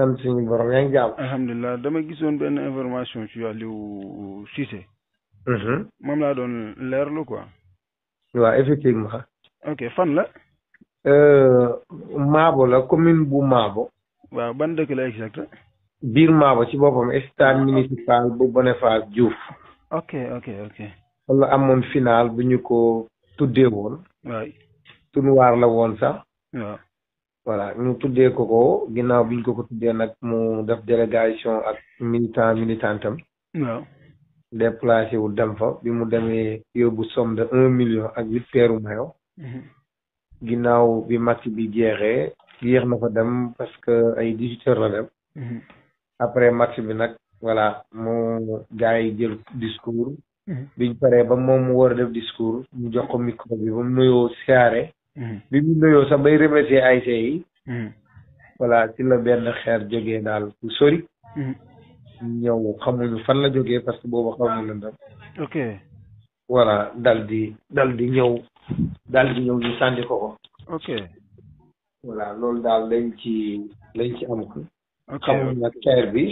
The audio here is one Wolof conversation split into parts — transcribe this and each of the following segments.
sant suñu borom yaa ngi jàmm. alhamdulilah dama gisoon benn information ci Aliou Cissé. Mhm. moom doon leerlu quoi. waaw effectivement. ok fan la. Euh, Maabo la commune bu Maabo. waaw ban dëkk la exact. biir Maabo ci boppam stade ah, municipal bu Boniface Diouf. ok ok ok. wala amoon final bu ñu ko tudde woon. waay. tunuwaar la woon sa waaw. voilà ñu tuddee ko ko ginnaaw biñ ko ko tuddee nag mu def délégation ak militant militante am. waaw wu dem fa bi mu demee yobu somme de un million ak huit peeru mayo mhm. ginnaaw bi match bi jeexee yéex na fa dem parce que ay dix la dem. Mhm. après match bi nag voilà mu gars yi jël discours. Mhm. biñ paree ba moom mu war def discours ñu jox ko micro bi ba mu nuyoo siyaare. Hmm. bi mu nuyoo sax bay remercier ASC yi hmm. voilà ci la benn xeer jóge daal fu sori hmm. ñëw xamuñu fan la jóge parce que boobu xamuñu lëndam ok voilà dal di dal di ñëw dal di ñëw ñu sànni ko ko ok voilà loolu daal lañ ci lañ ci am ko xamuñu nag xeer bi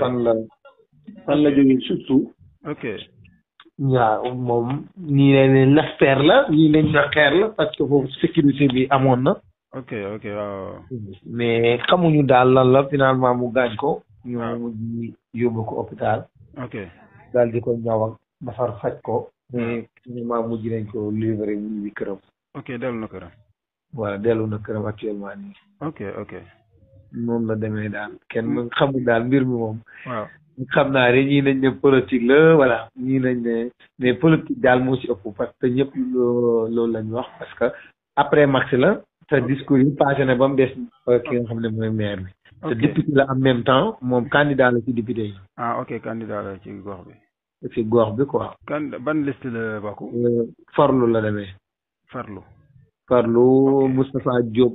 fan la fan la jógee surtout ok waaw moom ñii ne leen la ñii ne ñu xeer la parce que foofu sécurité bi amoon na. ok ok waaw. mais xamuñu daal lan la finalement mu gaañ ko. ñu ah. mujj yóbbu ko hôpital. ok daal di ko ñaw ak defar faj ko. Ah. mais mujj nañ ko livré mu ngi këram. ok dellu na këram. voilà dellu na këram actuellement nii. ok ok. noonu la demee daal kenn hmm. xamul daal mbir mi moom. waaw. xam naa rek ñii nañ ne politique la voilà ñii nañ ne mais politique daal moo ci ëpp parce que ñëpp loolu lañ wax parce que après max la te discours yi passé na ba mu des ki nga xam ne mooy maire bi. te la en même temps moom candidat la ci député yi. ah ok candidat la ci gox bi. ci gox bi quoi. kan ban liste la bokk. Euh, farlu la demee. farlu.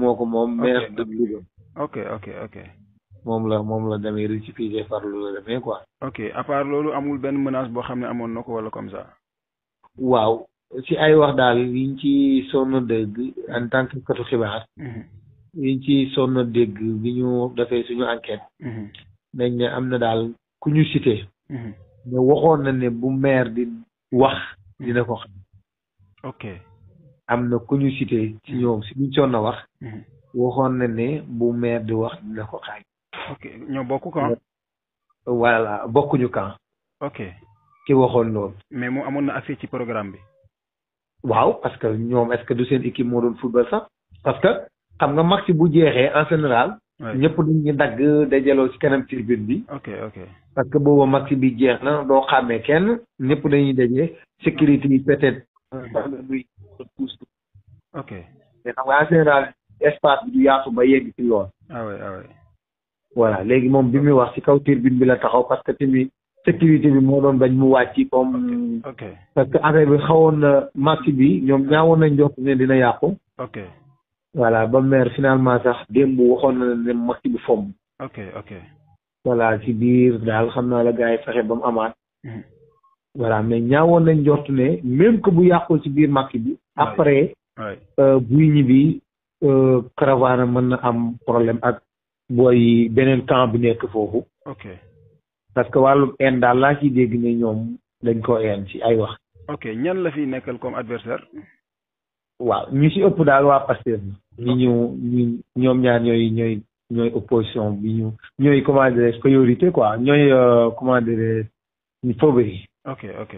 moo ko moom maire de Louga. ok ok ok. moom la moom la demee récipité farlu la demee quoi. ok à part loolu amul benn menace boo xam ne amoon na ko wala comme ça. waaw ci ay wax daal yiñ ci sonn dégg en tant que katu xibaar. Mhm. yiñ ci sonn dégg bi ñu defee suñu enquête. nañ mhm. ne am na daal ku ñu cité. Mhm. ne waxoon na ne bu maire di wax dina ko xam. am na ku ci ñoom si biñ sonn waxoon na bu di wax dina ok ñoo bokk camp. voilà bokkuñu camp. ok ki waxoon loolu. mais mu amoon na accès ci programme bi. waaw parce que ñoom est-ce que du seen équipe moo doon football sax parce que xam nga match bu jeexee en général. ñëpp dañuy dagg dajaloo ci kanam tribune bi. ok ok parce que booba match bi jeex na doo xàmmee kenn ñëpp dañuy daje sécurité yi ok. mais en général espace bi du yaatu ba yegg ci yoon. Ah ah voilà léegi moom bi muy wax ci kaw turbine bi la taxaw parce que tamit sécurité bi moo doon bañ mu wàcc comme. ok parce que affaire bi xawoon na match bi ñoom ñaawoon nañ njort ne dina yàqu. ok voilà ba maire finalement sax démb waxoon na ne match bi fomm. ok ok. voilà ci biir daal xam naa la gars yi fexe ba mu amaat. Mm-hmm. voilà mais ñaawoon nañ njort ne même que bu yàqoo ci biir match bi. après euh, buy ñibbi euh, caravane mën na am problème ak. booy beneen camp bi nekk foofu. ok parce que wàllum en daal laa ciy ñoom dañ ko en ay wax. ok ñan la fi nekkal comme adversaire. waaw ñu si ëpp daal waa Pastef ñi ñu ñu ñoom ñaar ñooy ñooy ñooy opposition bi ñu ñooy comment dirais priorité quoi ñooy euh, comment dirais ñu favori. ok ok.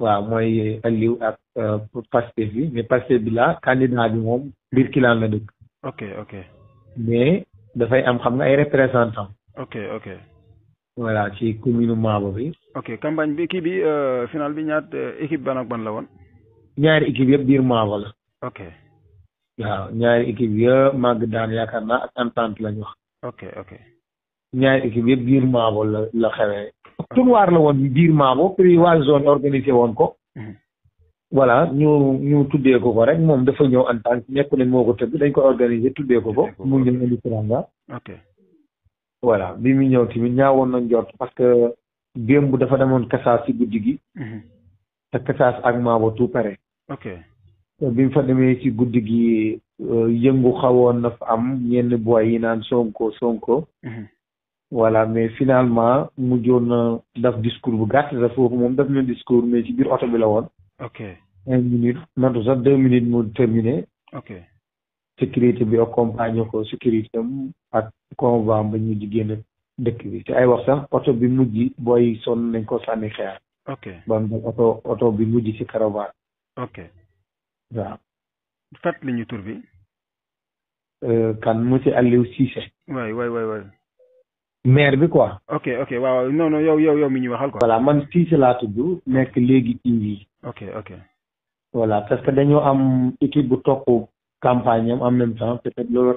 waaw mooy Aliou ak euh, Pastef bi mais Pastef bi la candidat bi moom Birkilane la dëkk. ok ok mais. dafay am xam nga ay représentant ok ok voilà ci commune Maabo bi ok campagne bi kii bi euh, final bi ñaat euh, équipe ban ban la woon ñaari équipe yëpp biir Maabo la ok waaw ñaari équipe yëpp màgg daan yaakaar naa ak ñaari équipe yëpp biir Maabo la la xewee tournoi la woon biir Maabo prix waa zone organisé woon ko mhm. voilà ñu ñu tuddee ko ko rek moom dafa ñëw en tant que moo ko tëgg dañ ko organiser tuddee ko ko mu ñëw indi teranga ok voilà bi mu ñëw ñaawoon na njort parce que démb dafa demoon kasaas ci guddi gi mm-hmm. ak maabo pare fa demee guddi gi euh, yëngu xawoon na fa am ñenn boy yi naan sonko sonko mm-hmm. voilà mais finalement mujjoon na daf discours bu gàtt la foofu moom daf na discours mais ci biir oto bi la woon ok cinq minutes matu sax deux minutes mu terminé. ok sécurité bi accompagné ko sécurité am ak convoi ba ñu di génn dëkk bi te ay wax sax oto bi mujj booy sonn nañ ko sànni xeer. ok ba mu oto oto bi mujj ci caravane. ok waaw. fàttali ñu tur bi. Euh, kan monsieur Aliou Cissé. waay waay waay maire bi quoi. ok ok waaw non non yow yow yow mi ñu waxal quoi. voilà man Cissé laa tudd nekk léegi ci ok ok. voilà parce que dañoo am équipe bu topp campagne am en même temps peut-être loolu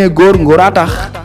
ne góor ngóoraa tax